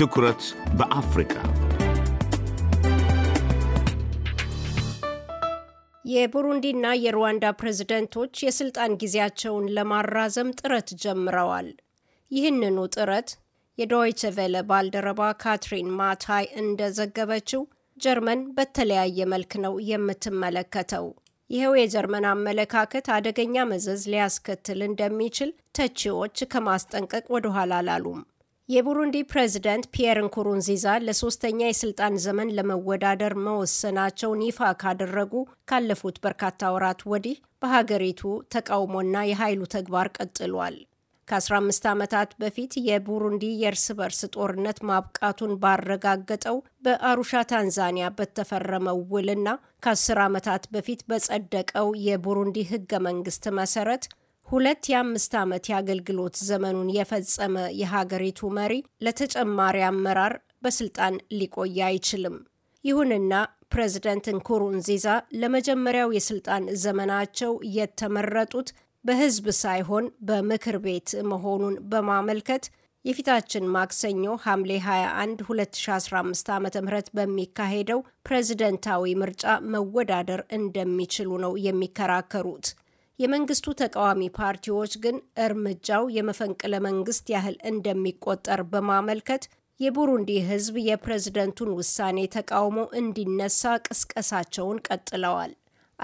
ትኩረት በአፍሪካ የቡሩንዲና የሩዋንዳ ፕሬዝደንቶች የስልጣን ጊዜያቸውን ለማራዘም ጥረት ጀምረዋል። ይህንኑ ጥረት የዶይቸ ቬለ ባልደረባ ካትሪን ማታይ እንደዘገበችው ጀርመን በተለያየ መልክ ነው የምትመለከተው። ይኸው የጀርመን አመለካከት አደገኛ መዘዝ ሊያስከትል እንደሚችል ተቺዎች ከማስጠንቀቅ ወደኋላ አላሉም። የቡሩንዲ ፕሬዝዳንት ፒየር ንኩሩንዚዛ ለሶስተኛ የስልጣን ዘመን ለመወዳደር መወሰናቸውን ይፋ ካደረጉ ካለፉት በርካታ ወራት ወዲህ በሀገሪቱ ተቃውሞና የኃይሉ ተግባር ቀጥሏል። ከ15 ዓመታት በፊት የቡሩንዲ የእርስ በርስ ጦርነት ማብቃቱን ባረጋገጠው በአሩሻ ታንዛኒያ በተፈረመው ውልና ከ10 ዓመታት በፊት በጸደቀው የቡሩንዲ ህገ መንግስት መሰረት ሁለት የአምስት ዓመት የአገልግሎት ዘመኑን የፈጸመ የሀገሪቱ መሪ ለተጨማሪ አመራር በስልጣን ሊቆይ አይችልም። ይሁንና ፕሬዝደንት ንኩሩንዚዛ ለመጀመሪያው የስልጣን ዘመናቸው የተመረጡት በህዝብ ሳይሆን በምክር ቤት መሆኑን በማመልከት የፊታችን ማክሰኞ ሐምሌ 21 2015 ዓ ም በሚካሄደው ፕሬዝደንታዊ ምርጫ መወዳደር እንደሚችሉ ነው የሚከራከሩት። የመንግስቱ ተቃዋሚ ፓርቲዎች ግን እርምጃው የመፈንቅለ መንግስት ያህል እንደሚቆጠር በማመልከት የቡሩንዲ ሕዝብ የፕሬዝደንቱን ውሳኔ ተቃውሞ እንዲነሳ ቅስቀሳቸውን ቀጥለዋል።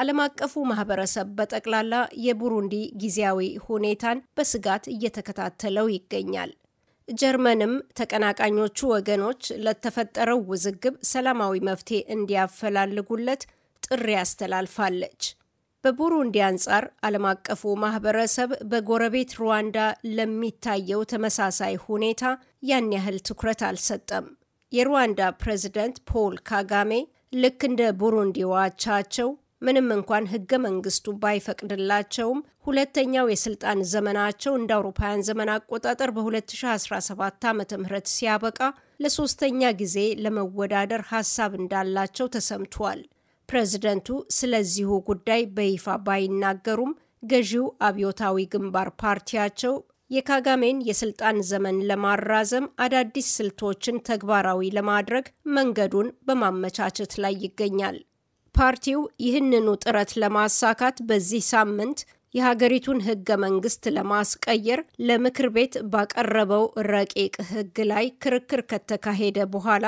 ዓለም አቀፉ ማህበረሰብ በጠቅላላ የቡሩንዲ ጊዜያዊ ሁኔታን በስጋት እየተከታተለው ይገኛል። ጀርመንም ተቀናቃኞቹ ወገኖች ለተፈጠረው ውዝግብ ሰላማዊ መፍትሄ እንዲያፈላልጉለት ጥሪ አስተላልፋለች። በቡሩንዲ አንጻር ዓለም አቀፉ ማህበረሰብ በጎረቤት ሩዋንዳ ለሚታየው ተመሳሳይ ሁኔታ ያን ያህል ትኩረት አልሰጠም። የሩዋንዳ ፕሬዝደንት ፖል ካጋሜ ልክ እንደ ቡሩንዲ ዋቻቸው ምንም እንኳን ህገ መንግስቱ ባይፈቅድላቸውም ሁለተኛው የስልጣን ዘመናቸው እንደ አውሮፓውያን ዘመን አቆጣጠር በ2017 ዓ ም ሲያበቃ ለሶስተኛ ጊዜ ለመወዳደር ሀሳብ እንዳላቸው ተሰምቷል። ፕሬዝደንቱ ስለዚሁ ጉዳይ በይፋ ባይናገሩም ገዢው አብዮታዊ ግንባር ፓርቲያቸው የካጋሜን የስልጣን ዘመን ለማራዘም አዳዲስ ስልቶችን ተግባራዊ ለማድረግ መንገዱን በማመቻቸት ላይ ይገኛል። ፓርቲው ይህንኑ ጥረት ለማሳካት በዚህ ሳምንት የሀገሪቱን ሕገ መንግስት ለማስቀየር ለምክር ቤት ባቀረበው ረቂቅ ሕግ ላይ ክርክር ከተካሄደ በኋላ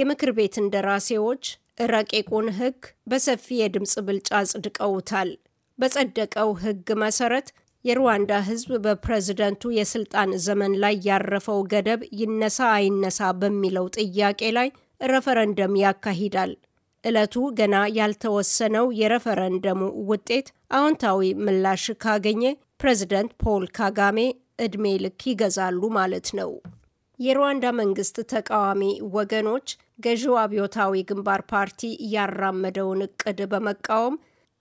የምክር ቤት እንደራሴዎች ረቂቁን ሕግ በሰፊ የድምፅ ብልጫ አጽድቀውታል። በጸደቀው ሕግ መሰረት የሩዋንዳ ሕዝብ በፕሬዝደንቱ የስልጣን ዘመን ላይ ያረፈው ገደብ ይነሳ አይነሳ በሚለው ጥያቄ ላይ ረፈረንደም ያካሂዳል። ዕለቱ ገና ያልተወሰነው የረፈረንደሙ ውጤት አዎንታዊ ምላሽ ካገኘ ፕሬዝደንት ፖል ካጋሜ ዕድሜ ልክ ይገዛሉ ማለት ነው። የሩዋንዳ መንግስት ተቃዋሚ ወገኖች ገዢው አብዮታዊ ግንባር ፓርቲ እያራመደውን እቅድ በመቃወም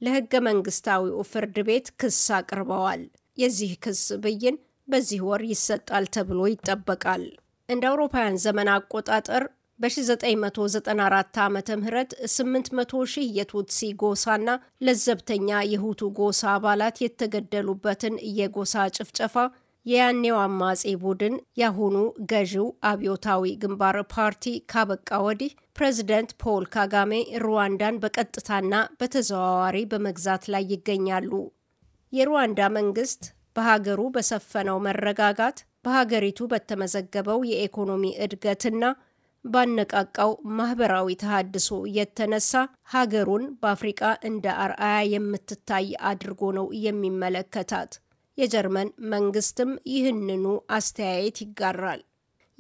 ለህገ መንግስታዊው ፍርድ ቤት ክስ አቅርበዋል። የዚህ ክስ ብይን በዚህ ወር ይሰጣል ተብሎ ይጠበቃል። እንደ አውሮፓውያን ዘመን አቆጣጠር በ1994 ዓ ም 800 ሺህ የቱትሲ ጎሳና ለዘብተኛ የሁቱ ጎሳ አባላት የተገደሉበትን የጎሳ ጭፍጨፋ የያኔው አማጺ ቡድን ያሁኑ ገዢው አብዮታዊ ግንባር ፓርቲ ካበቃ ወዲህ ፕሬዚደንት ፖል ካጋሜ ሩዋንዳን በቀጥታና በተዘዋዋሪ በመግዛት ላይ ይገኛሉ። የሩዋንዳ መንግስት በሀገሩ በሰፈነው መረጋጋት በሀገሪቱ በተመዘገበው የኢኮኖሚ እድገትና ባነቃቃው ማህበራዊ ተሃድሶ የተነሳ ሀገሩን በአፍሪቃ እንደ አርአያ የምትታይ አድርጎ ነው የሚመለከታት። የጀርመን መንግስትም ይህንኑ አስተያየት ይጋራል።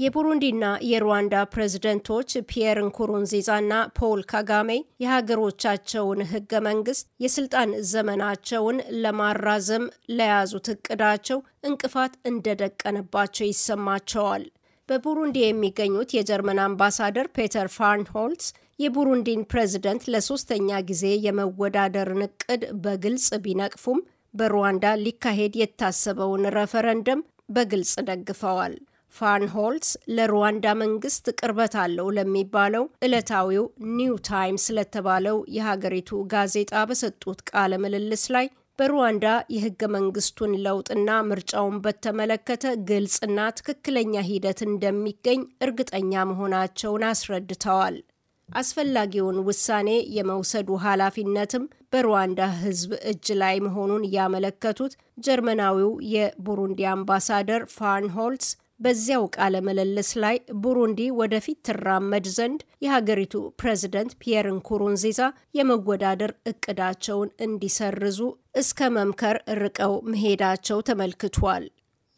የቡሩንዲና የሩዋንዳ ፕሬዝደንቶች ፒየር ንኩሩንዚዛና ፖል ካጋሜ የሀገሮቻቸውን ህገ መንግስት የስልጣን ዘመናቸውን ለማራዘም ለያዙት እቅዳቸው እንቅፋት እንደደቀነባቸው ይሰማቸዋል። በቡሩንዲ የሚገኙት የጀርመን አምባሳደር ፔተር ፋርንሆልስ የቡሩንዲን ፕሬዝደንት ለሶስተኛ ጊዜ የመወዳደርን እቅድ በግልጽ ቢነቅፉም በሩዋንዳ ሊካሄድ የታሰበውን ረፈረንደም በግልጽ ደግፈዋል። ፋንሆልስ ለሩዋንዳ መንግስት ቅርበት አለው ለሚባለው ዕለታዊው ኒው ታይም ስለተባለው የሀገሪቱ ጋዜጣ በሰጡት ቃለ ምልልስ ላይ በሩዋንዳ የህገ መንግስቱን ለውጥና ምርጫውን በተመለከተ ግልጽና ትክክለኛ ሂደት እንደሚገኝ እርግጠኛ መሆናቸውን አስረድተዋል። አስፈላጊውን ውሳኔ የመውሰዱ ኃላፊነትም በሩዋንዳ ሕዝብ እጅ ላይ መሆኑን ያመለከቱት ጀርመናዊው የቡሩንዲ አምባሳደር ፋርንሆልስ በዚያው ቃለ ምልልስ ላይ ቡሩንዲ ወደፊት ትራመድ ዘንድ የሀገሪቱ ፕሬዝደንት ፒየር ንኩሩንዚዛ የመወዳደር እቅዳቸውን እንዲሰርዙ እስከ መምከር ርቀው መሄዳቸው ተመልክቷል።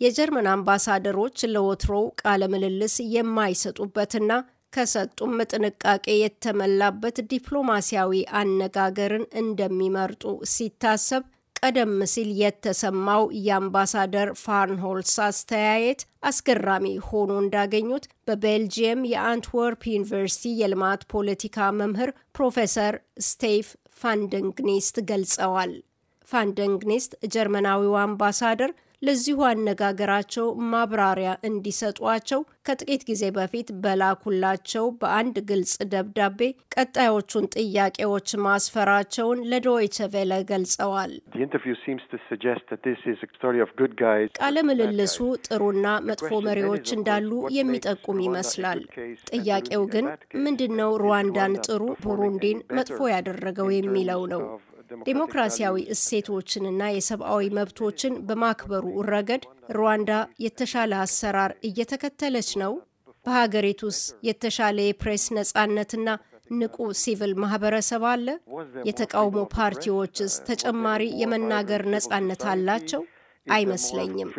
የጀርመን አምባሳደሮች ለወትሮው ቃለ ምልልስ የማይሰጡበትና ከሰጡም ጥንቃቄ የተሞላበት ዲፕሎማሲያዊ አነጋገርን እንደሚመርጡ ሲታሰብ ቀደም ሲል የተሰማው የአምባሳደር ፋርንሆልስ አስተያየት አስገራሚ ሆኖ እንዳገኙት በቤልጅየም የአንትወርፕ ዩኒቨርሲቲ የልማት ፖለቲካ መምህር ፕሮፌሰር ስቴፍ ፋንደንግኒስት ገልጸዋል። ፋንደንግኒስት ጀርመናዊው አምባሳደር ለዚሁ አነጋገራቸው ማብራሪያ እንዲሰጧቸው ከጥቂት ጊዜ በፊት በላኩላቸው በአንድ ግልጽ ደብዳቤ ቀጣዮቹን ጥያቄዎች ማስፈራቸውን ለዶይቸ ቬለ ገልጸዋል። ቃለ ምልልሱ ጥሩና መጥፎ መሪዎች እንዳሉ የሚጠቁም ይመስላል። ጥያቄው ግን ምንድነው ሩዋንዳን ጥሩ፣ ቡሩንዲን መጥፎ ያደረገው የሚለው ነው። ዴሞክራሲያዊ እሴቶችንና የሰብአዊ መብቶችን በማክበሩ ረገድ ሩዋንዳ የተሻለ አሰራር እየተከተለች ነው? በሀገሪቱ የተሻለ የፕሬስ ነጻነትና ንቁ ሲቪል ማህበረሰብ አለ? የተቃውሞ ፓርቲዎችስ ተጨማሪ የመናገር ነጻነት አላቸው? አይመስለኝም።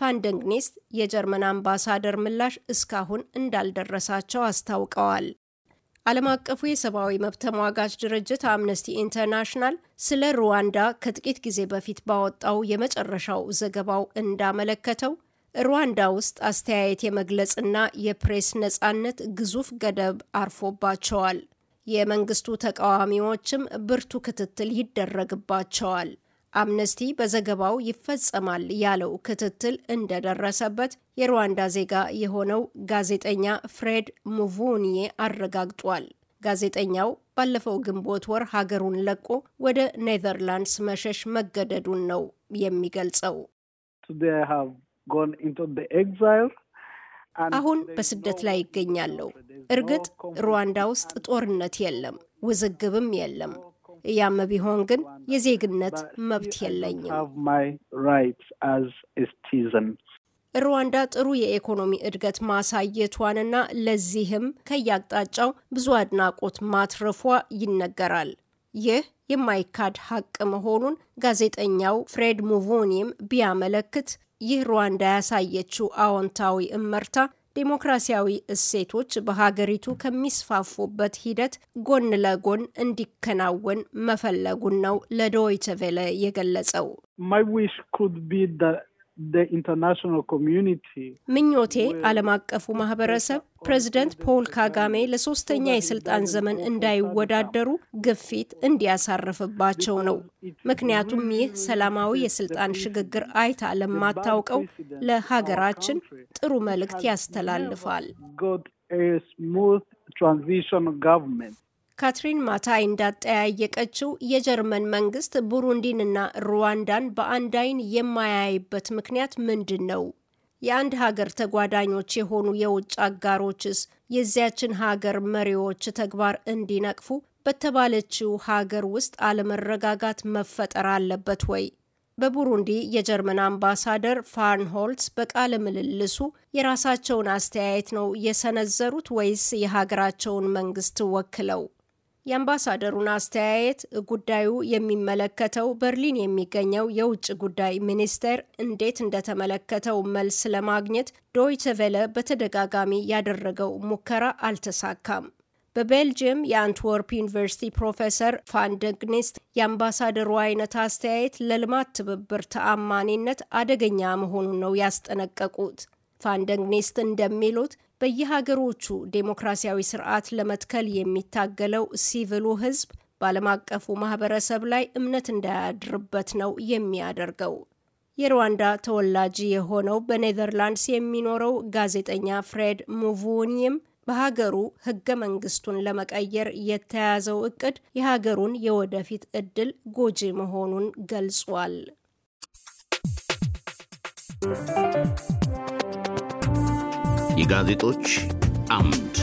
ፋንደንግኒስት የጀርመን አምባሳደር ምላሽ እስካሁን እንዳልደረሳቸው አስታውቀዋል። ዓለም አቀፉ የሰብአዊ መብት ተሟጋች ድርጅት አምነስቲ ኢንተርናሽናል ስለ ሩዋንዳ ከጥቂት ጊዜ በፊት ባወጣው የመጨረሻው ዘገባው እንዳመለከተው ሩዋንዳ ውስጥ አስተያየት የመግለጽና የፕሬስ ነጻነት ግዙፍ ገደብ አርፎባቸዋል። የመንግስቱ ተቃዋሚዎችም ብርቱ ክትትል ይደረግባቸዋል። አምነስቲ በዘገባው ይፈጸማል ያለው ክትትል እንደደረሰበት የሩዋንዳ ዜጋ የሆነው ጋዜጠኛ ፍሬድ ሙቮኒዬ አረጋግጧል። ጋዜጠኛው ባለፈው ግንቦት ወር ሀገሩን ለቆ ወደ ኔዘርላንድስ መሸሽ መገደዱን ነው የሚገልጸው። አሁን በስደት ላይ ይገኛለሁ። እርግጥ ሩዋንዳ ውስጥ ጦርነት የለም፣ ውዝግብም የለም። እያመ ቢሆን ግን የዜግነት መብት የለኝም። ሩዋንዳ ጥሩ የኢኮኖሚ እድገት ማሳየቷንና ለዚህም ከያቅጣጫው ብዙ አድናቆት ማትረፏ ይነገራል። ይህ የማይካድ ሀቅ መሆኑን ጋዜጠኛው ፍሬድ ሙቮኒም ቢያመለክት ይህ ሩዋንዳ ያሳየችው አዎንታዊ እመርታ ዴሞክራሲያዊ እሴቶች በሀገሪቱ ከሚስፋፉበት ሂደት ጎን ለጎን እንዲከናወን መፈለጉን ነው ለዶይቸ ቬለ የገለጸው። ምኞቴ ዓለም አቀፉ ማህበረሰብ ፕሬዚደንት ፖል ካጋሜ ለሶስተኛ የስልጣን ዘመን እንዳይወዳደሩ ግፊት እንዲያሳርፍባቸው ነው። ምክንያቱም ይህ ሰላማዊ የስልጣን ሽግግር አይታ ለማታውቀው ለሀገራችን ጥሩ መልእክት ያስተላልፋል። ካትሪን ማታይ እንዳጠያየቀችው የጀርመን መንግስት ቡሩንዲንና ሩዋንዳን በአንድ አይን የማያይበት ምክንያት ምንድን ነው? የአንድ ሀገር ተጓዳኞች የሆኑ የውጭ አጋሮችስ የዚያችን ሀገር መሪዎች ተግባር እንዲነቅፉ በተባለችው ሀገር ውስጥ አለመረጋጋት መፈጠር አለበት ወይ? በቡሩንዲ የጀርመን አምባሳደር ፋርንሆልስ በቃለ ምልልሱ የራሳቸውን አስተያየት ነው የሰነዘሩት ወይስ የሀገራቸውን መንግስት ወክለው? የአምባሳደሩን አስተያየት ጉዳዩ የሚመለከተው በርሊን የሚገኘው የውጭ ጉዳይ ሚኒስቴር እንዴት እንደተመለከተው መልስ ለማግኘት ዶይቸ ቬለ በተደጋጋሚ ያደረገው ሙከራ አልተሳካም። በቤልጅየም የአንትወርፕ ዩኒቨርሲቲ ፕሮፌሰር ፋንደግኒስት የአምባሳደሩ አይነት አስተያየት ለልማት ትብብር ተአማኒነት አደገኛ መሆኑን ነው ያስጠነቀቁት። ፋንደግኒስት እንደሚሉት በየሀገሮቹ ዴሞክራሲያዊ ስርዓት ለመትከል የሚታገለው ሲቪሉ ህዝብ በዓለም አቀፉ ማህበረሰብ ላይ እምነት እንዳያድርበት ነው የሚያደርገው። የሩዋንዳ ተወላጅ የሆነው በኔዘርላንድስ የሚኖረው ጋዜጠኛ ፍሬድ ሙቮኒም በሀገሩ ህገ መንግስቱን ለመቀየር የተያዘው እቅድ የሀገሩን የወደፊት እድል ጎጂ መሆኑን ገልጿል። የጋዜጦች አምድ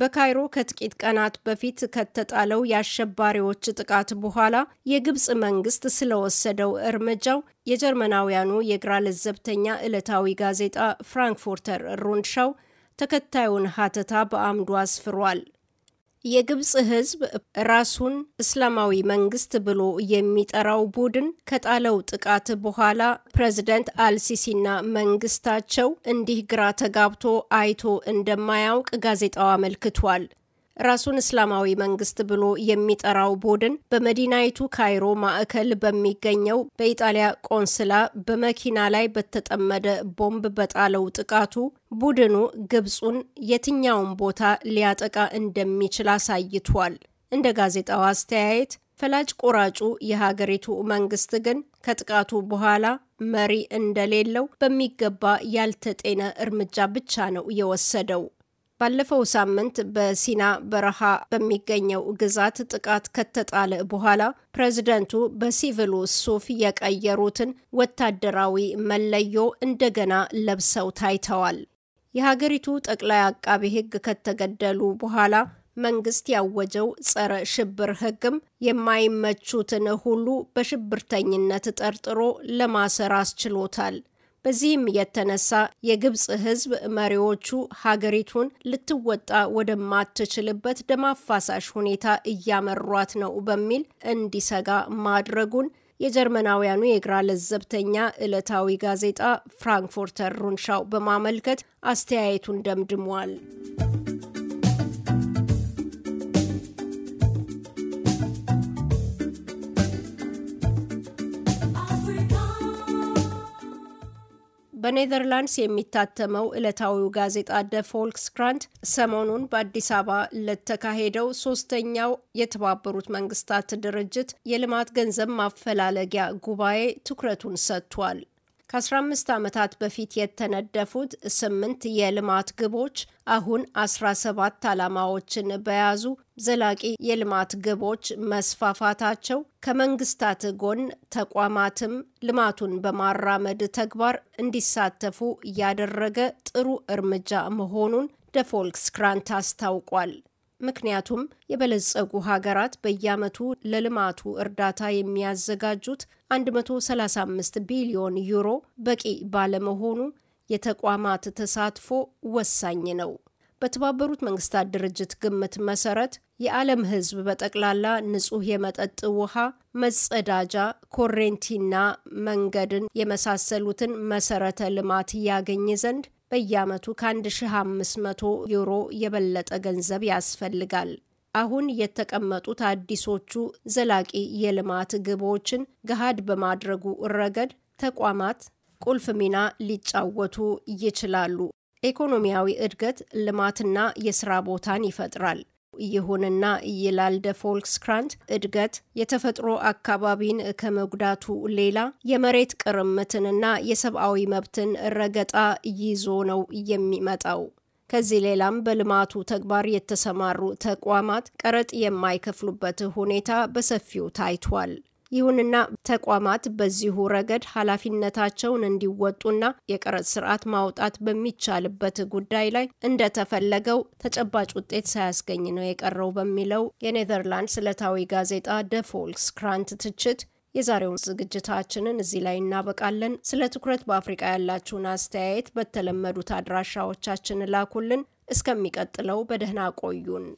በካይሮ ከጥቂት ቀናት በፊት ከተጣለው የአሸባሪዎች ጥቃት በኋላ የግብፅ መንግስት ስለወሰደው እርምጃው የጀርመናውያኑ የግራ ለዘብተኛ ዕለታዊ ጋዜጣ ፍራንክፉርተር ሩንድሻው ተከታዩን ሀተታ በአምዱ አስፍሯል። የግብፅ ህዝብ ራሱን እስላማዊ መንግስት ብሎ የሚጠራው ቡድን ከጣለው ጥቃት በኋላ ፕሬዚደንት አልሲሲና መንግስታቸው እንዲህ ግራ ተጋብቶ አይቶ እንደማያውቅ ጋዜጣው አመልክቷል። ራሱን እስላማዊ መንግስት ብሎ የሚጠራው ቡድን በመዲናይቱ ካይሮ ማዕከል በሚገኘው በኢጣሊያ ቆንስላ በመኪና ላይ በተጠመደ ቦምብ በጣለው ጥቃቱ ቡድኑ ግብፁን የትኛውን ቦታ ሊያጠቃ እንደሚችል አሳይቷል። እንደ ጋዜጣው አስተያየት ፈላጭ ቆራጩ የሀገሪቱ መንግስት ግን ከጥቃቱ በኋላ መሪ እንደሌለው በሚገባ ያልተጤነ እርምጃ ብቻ ነው የወሰደው። ባለፈው ሳምንት በሲና በረሃ በሚገኘው ግዛት ጥቃት ከተጣለ በኋላ ፕሬዝደንቱ በሲቪሉ ሱፍ የቀየሩትን ወታደራዊ መለዮ እንደገና ለብሰው ታይተዋል። የሀገሪቱ ጠቅላይ አቃቤ ሕግ ከተገደሉ በኋላ መንግስት ያወጀው ጸረ ሽብር ሕግም የማይመቹትን ሁሉ በሽብርተኝነት ጠርጥሮ ለማሰር አስችሎታል። በዚህም የተነሳ የግብፅ ህዝብ መሪዎቹ ሀገሪቱን ልትወጣ ወደማትችልበት ደም አፋሳሽ ሁኔታ እያመሯት ነው በሚል እንዲሰጋ ማድረጉን የጀርመናውያኑ የግራ ለዘብተኛ ዕለታዊ ጋዜጣ ፍራንክፉርተር ሩንሻው በማመልከት አስተያየቱን ደምድሟል። በኔዘርላንድስ የሚታተመው ዕለታዊው ጋዜጣ ደ ቮልክስክራንት ሰሞኑን በአዲስ አበባ ለተካሄደው ሶስተኛው የተባበሩት መንግስታት ድርጅት የልማት ገንዘብ ማፈላለጊያ ጉባኤ ትኩረቱን ሰጥቷል። ከ15 ዓመታት በፊት የተነደፉት ስምንት የልማት ግቦች አሁን 17 ዓላማዎችን በያዙ ዘላቂ የልማት ግቦች መስፋፋታቸው ከመንግስታት ጎን ተቋማትም ልማቱን በማራመድ ተግባር እንዲሳተፉ እያደረገ ጥሩ እርምጃ መሆኑን ደፎልክስ ክራንት አስታውቋል። ምክንያቱም የበለጸጉ ሀገራት በየዓመቱ ለልማቱ እርዳታ የሚያዘጋጁት 135 ቢሊዮን ዩሮ በቂ ባለመሆኑ የተቋማት ተሳትፎ ወሳኝ ነው። በተባበሩት መንግስታት ድርጅት ግምት መሰረት የዓለም ሕዝብ በጠቅላላ ንጹህ የመጠጥ ውሃ፣ መጸዳጃ፣ ኮሬንቲና መንገድን የመሳሰሉትን መሰረተ ልማት ያገኝ ዘንድ በየዓመቱ ከ1500 ዩሮ የበለጠ ገንዘብ ያስፈልጋል። አሁን የተቀመጡት አዲሶቹ ዘላቂ የልማት ግቦችን ገሃድ በማድረጉ ረገድ ተቋማት ቁልፍ ሚና ሊጫወቱ ይችላሉ። ኢኮኖሚያዊ እድገት ልማትና የስራ ቦታን ይፈጥራል። ይሁንና ይላል ደ ፎልክስክራንት እድገት የተፈጥሮ አካባቢን ከመጉዳቱ ሌላ የመሬት ቅርምትንና የሰብአዊ መብትን ረገጣ ይዞ ነው የሚመጣው። ከዚህ ሌላም በልማቱ ተግባር የተሰማሩ ተቋማት ቀረጥ የማይከፍሉበት ሁኔታ በሰፊው ታይቷል። ይሁንና ተቋማት በዚሁ ረገድ ኃላፊነታቸውን እንዲወጡና የቀረጥ ስርዓት ማውጣት በሚቻልበት ጉዳይ ላይ እንደተፈለገው ተጨባጭ ውጤት ሳያስገኝ ነው የቀረው በሚለው የኔዘርላንድስ ዕለታዊ ጋዜጣ ደ ክራንት ትችት የዛሬውን ዝግጅታችንን እዚህ ላይ እናበቃለን። ስለ ትኩረት በአፍሪቃ ያላችሁን አስተያየት በተለመዱት አድራሻዎቻችን ላኩልን። እስከሚቀጥለው በደህና ቆዩን።